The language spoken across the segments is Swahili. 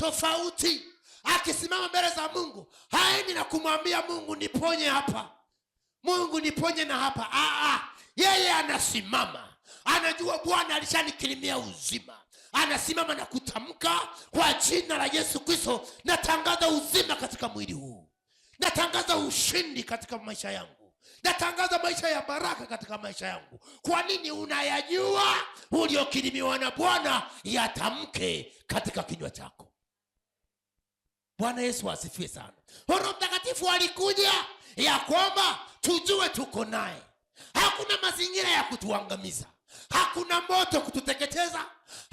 tofauti akisimama mbele za mungu haendi na kumwambia mungu niponye hapa mungu niponye na hapa Aa, ah, ah. yeye anasimama anajua bwana alishanikirimia uzima anasimama na kutamka kwa jina la yesu kristo natangaza uzima katika mwili huu natangaza ushindi katika maisha yangu natangaza maisha ya baraka katika maisha yangu kwa nini unayajua uliokirimiwa na bwana yatamke katika kinywa chako Bwana Yesu asifiwe sana. Roho Mtakatifu alikuja ya kwamba tujue tuko naye. Hakuna mazingira ya kutuangamiza, hakuna moto kututeketeza,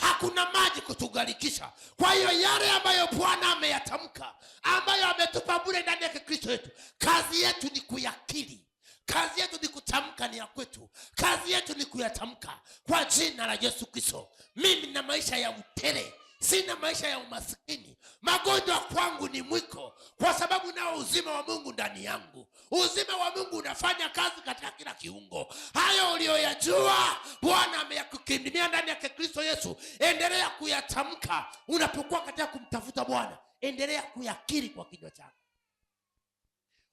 hakuna maji kutugharikisha. Kwa hiyo yale ambayo Bwana ameyatamka, ambayo ametupa bure ndani ya Kristo yetu, kazi yetu ni kuyakili kazi yetu ni kutamka ni ya kwetu. Kazi yetu ni kuyatamka kwa jina la Yesu Kristo. Mimi na maisha ya utere, sina maisha ya umasikini. Magonjwa kwangu ni mwiko, kwa sababu nao uzima wa Mungu ndani yangu. Uzima wa Mungu unafanya kazi katika kila kiungo. Hayo uliyoyajua Bwana ameyakukimbilia ndani yake Kristo Yesu, endelea kuyatamka unapokuwa katika kumtafuta Bwana, endelea kuyakiri kwa kinywa chako.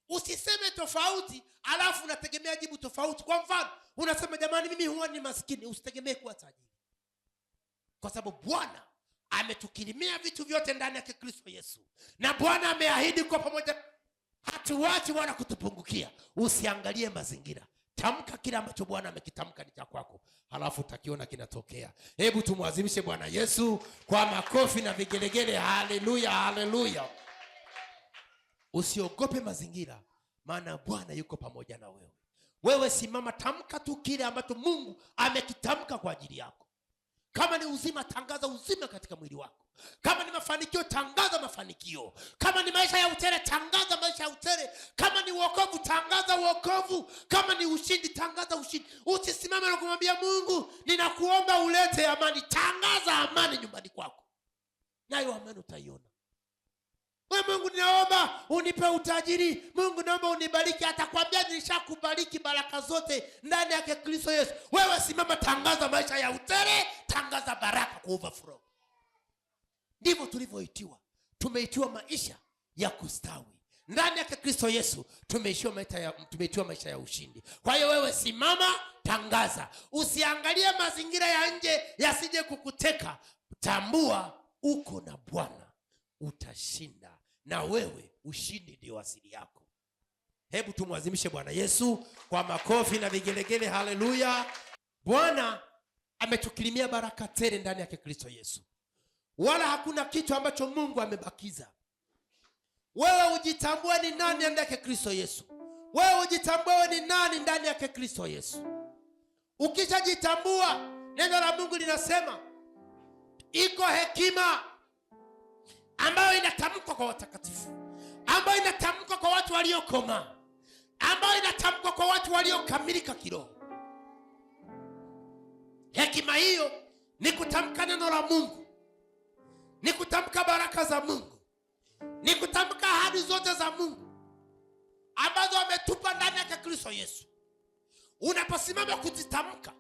Usiseme tofauti alafu unategemea jibu tofauti. Kwa mfano, unasema jamani, mimi huwa ni maskini. Usitegemee kuwa tajiri, kwa sababu Bwana ametukirimia vitu vyote ndani ya kikristo Yesu, na Bwana ameahidi kwa pamoja hatuwachi wala kutupungukia. Usiangalie mazingira, tamka kile ambacho Bwana amekitamka ni cha kwako, halafu utakiona kinatokea. Hebu tumwazimishe Bwana Yesu kwa makofi na vigelegele. Haleluya, haleluya! Usiogope mazingira, maana Bwana yuko pamoja na wewe. Wewe simama, tamka tu kile ambacho Mungu amekitamka kwa ajili yako. Kama ni uzima, tangaza uzima katika mwili wako. Kama ni mafanikio, tangaza mafanikio. Kama ni maisha ya utere, tangaza maisha ya utere. Kama ni wokovu, tangaza wokovu. Kama ni ushindi, tangaza ushindi. Usisimame na kumwambia Mungu, ninakuomba ulete amani. Tangaza amani nyumbani kwako, nayo amani utaiona. Mungu naomba unipe utajiri. Mungu naomba unibariki. Atakwambia nilishakubariki baraka zote ndani yake Kristo Yesu. Wewe simama, tangaza maisha ya utere, tangaza baraka kwa overflow. Ndivyo tulivyoitiwa. Tumeitiwa maisha ya kustawi ndani yake Kristo Yesu, tumeishiwa maisha ya, tumeitiwa maisha ya ushindi. Kwa hiyo wewe simama, tangaza, usiangalie mazingira ya nje yasije kukuteka. Tambua uko na Bwana, utashinda na wewe ushindi ndio asili yako. Hebu tumwazimishe Bwana Yesu kwa makofi na vigelegele. Haleluya! Bwana ametukirimia baraka tele ndani yake Kristo Yesu, wala hakuna kitu ambacho Mungu amebakiza. Wewe ujitambue ni nani ndani yake Kristo Yesu. Wewe ujitambue ni nani ndani yake Kristo Yesu. Ukishajitambua, neno la Mungu linasema iko hekima ambayo inatamkwa kwa watakatifu, ambayo inatamkwa kwa watu waliokoma ambayo inatamkwa kwa watu waliokamilika kiroho. Hekima hiyo ni kutamka neno la Mungu, ni kutamka baraka za Mungu, ni kutamka ahadi zote za Mungu ambazo ametupa ndani ya Kristo Yesu. Unaposimama kuzitamka,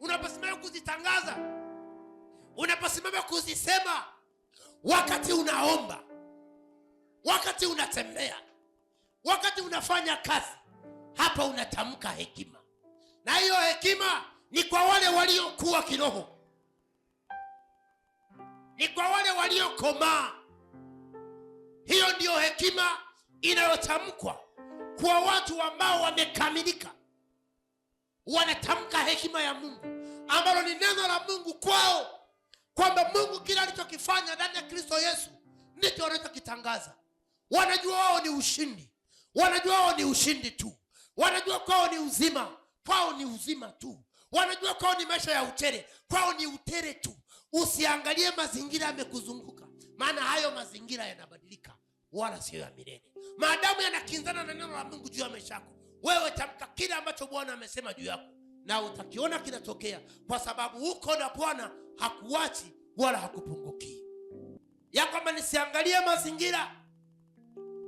unaposimama kuzitangaza, unaposimama kuzisema wakati unaomba, wakati unatembea, wakati unafanya kazi, hapa unatamka hekima, na hiyo hekima ni kwa wale waliokuwa kiroho, ni kwa wale waliokomaa. Hiyo ndiyo hekima inayotamkwa kwa watu ambao wamekamilika, wanatamka hekima ya Mungu ambalo ni neno la Mungu kwao kwamba Mungu kila alichokifanya ndani ya Kristo Yesu ndicho wanachokitangaza. Wanajua wao ni ushindi, wanajua wao ni ushindi tu, wanajua kwao ni uzima, kwao ni uzima tu, wanajua kwao ni maisha ya utere, kwao ni utere tu. Usiangalie mazingira yamekuzunguka, maana hayo mazingira yanabadilika, wala siyo ya milele. Maadamu yanakinzana na neno la Mungu juu ya maisha yako, wewe tamka kile ambacho Bwana amesema juu yako na utakiona kinatokea, kwa sababu huko na Bwana hakuachi wala hakupunguki. Ya kwamba nisiangalie mazingira,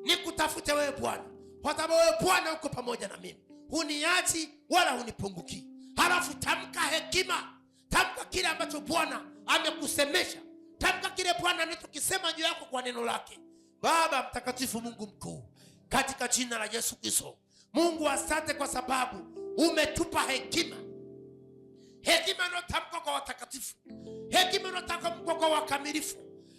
ni kutafute wewe Bwana, kwa sababu wewe Bwana uko pamoja na mimi, huniachi wala hunipunguki. Halafu tamka hekima, tamka kile ambacho Bwana amekusemesha, tamka kile Bwana anachokisema juu yako kwa neno lake. Baba mtakatifu, Mungu mkuu, katika jina la Yesu Kristo, Mungu asante kwa sababu umetupa hekima, hekima inayotamkwa kwa watakatifu, hekima inayotamkwa kwa wakamilifu,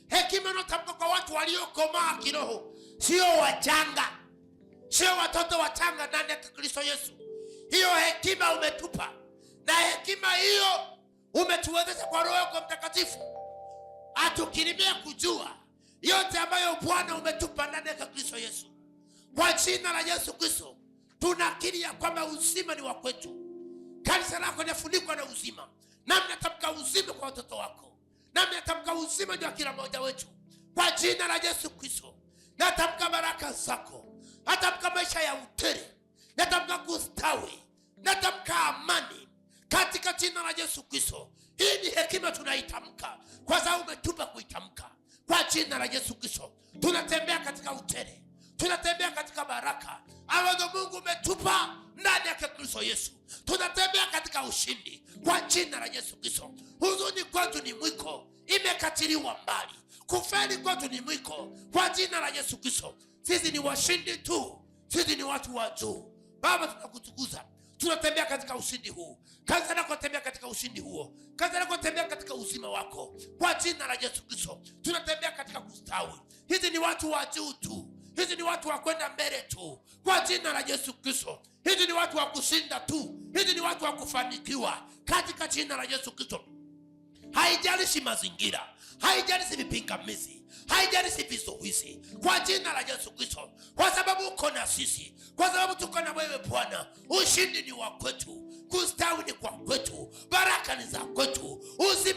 hekima inayotamkwa kwa watu waliokomaa kiroho, sio wachanga, sio watoto wachanga ndani ya Kristo Yesu. Hiyo hekima umetupa, na hekima hiyo umetuwezesha kwa Roho yako Mtakatifu atukirimia kujua yote ambayo Bwana umetupa ndani ya Kristo Yesu. Kwa jina la Yesu Kristo tunakiri ya kwamba uzima ni wa kwetu. Kanisa lako linafunikwa na uzima, nami natamka uzima kwa watoto wako, nami natamka uzima juu ya kila mmoja wetu kwa jina la Yesu Kristo. Natamka baraka zako, natamka maisha ya utere, natamka kustawi, natamka amani katika jina la Yesu Kristo. Hii ni hekima tunaitamka kwa sababu umetupa kuitamka kwa jina la Yesu Kristo. Tunatembea katika utere tunatembea katika baraka ambazo Mungu umetupa ndani yake Kristo Yesu. Tunatembea katika ushindi kwa jina la Yesu Kristo. Huzuni kwetu ni mwiko, imekatiliwa mbali. Kufeli kwetu ni mwiko kwa jina la Yesu Kristo. Sisi ni washindi tu, sisi ni watu wa juu. Baba, tunakutukuza tunatembea katika ushindi huu, kanisa lako katika ushindi huo, kanisa lako katika uzima wako kwa jina la Yesu Kristo. Tunatembea katika kustawi, hizi ni watu wa juu tu hizi ni watu wa kwenda mbele tu kwa jina la Yesu Kristo. Hizi ni watu wa kushinda tu, hizi ni watu wa kufanikiwa katika jina la Yesu Kristo. Haijalishi mazingira, haijalishi vipingamizi, haijalishi vizuizi, kwa jina la Yesu Kristo, kwa sababu uko na sisi, kwa sababu tuko na wewe Bwana. Ushindi ni wa kwetu, kustawi ni kwa kwetu, baraka ni za kwetu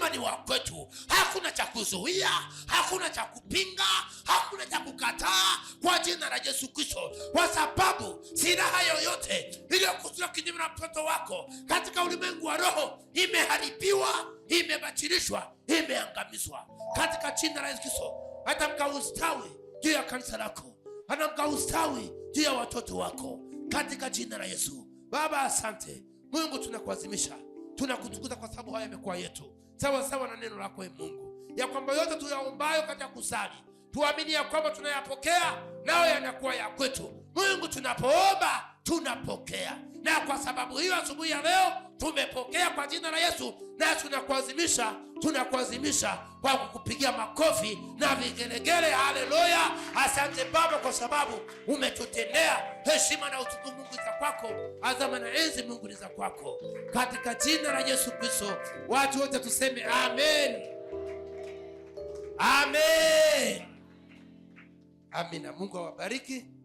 uzima ni wa kwetu. Hakuna cha kuzuia, hakuna cha kupinga, hakuna cha kukataa kwa jina la Yesu Kristo, kwa sababu silaha yoyote iliyokusudiwa kinyume na mtoto wako katika ulimwengu wa roho imeharibiwa, imebatilishwa, imeangamizwa katika jina la Yesu Kristo. Atamka ustawi juu ya kanisa lako, atamka ustawi juu ya watoto wako katika jina la Yesu. Baba, asante Mungu, tunakuazimisha tunakutukuza kwa sababu haya yamekuwa yetu sawa sawa na neno lako e Mungu, ya kwamba yote tuyaombayo katika kusali tuamini ya kwamba tunayapokea nayo yanakuwa ya kwetu. Mungu, tunapoomba tunapokea, na kwa sababu hiyo asubuhi ya leo tumepokea kwa jina la Yesu, na tunakuazimisha tunakuazimisha kwa kukupigia makofi na vigelegele. Haleluya! Asante Baba kwa sababu umetutendea. Heshima na utukufu Mungu za kwako, azama na enzi Mungu ni za kwako, katika jina la Yesu Kristo watu wote tuseme amen, amen, amina. Mungu awabariki.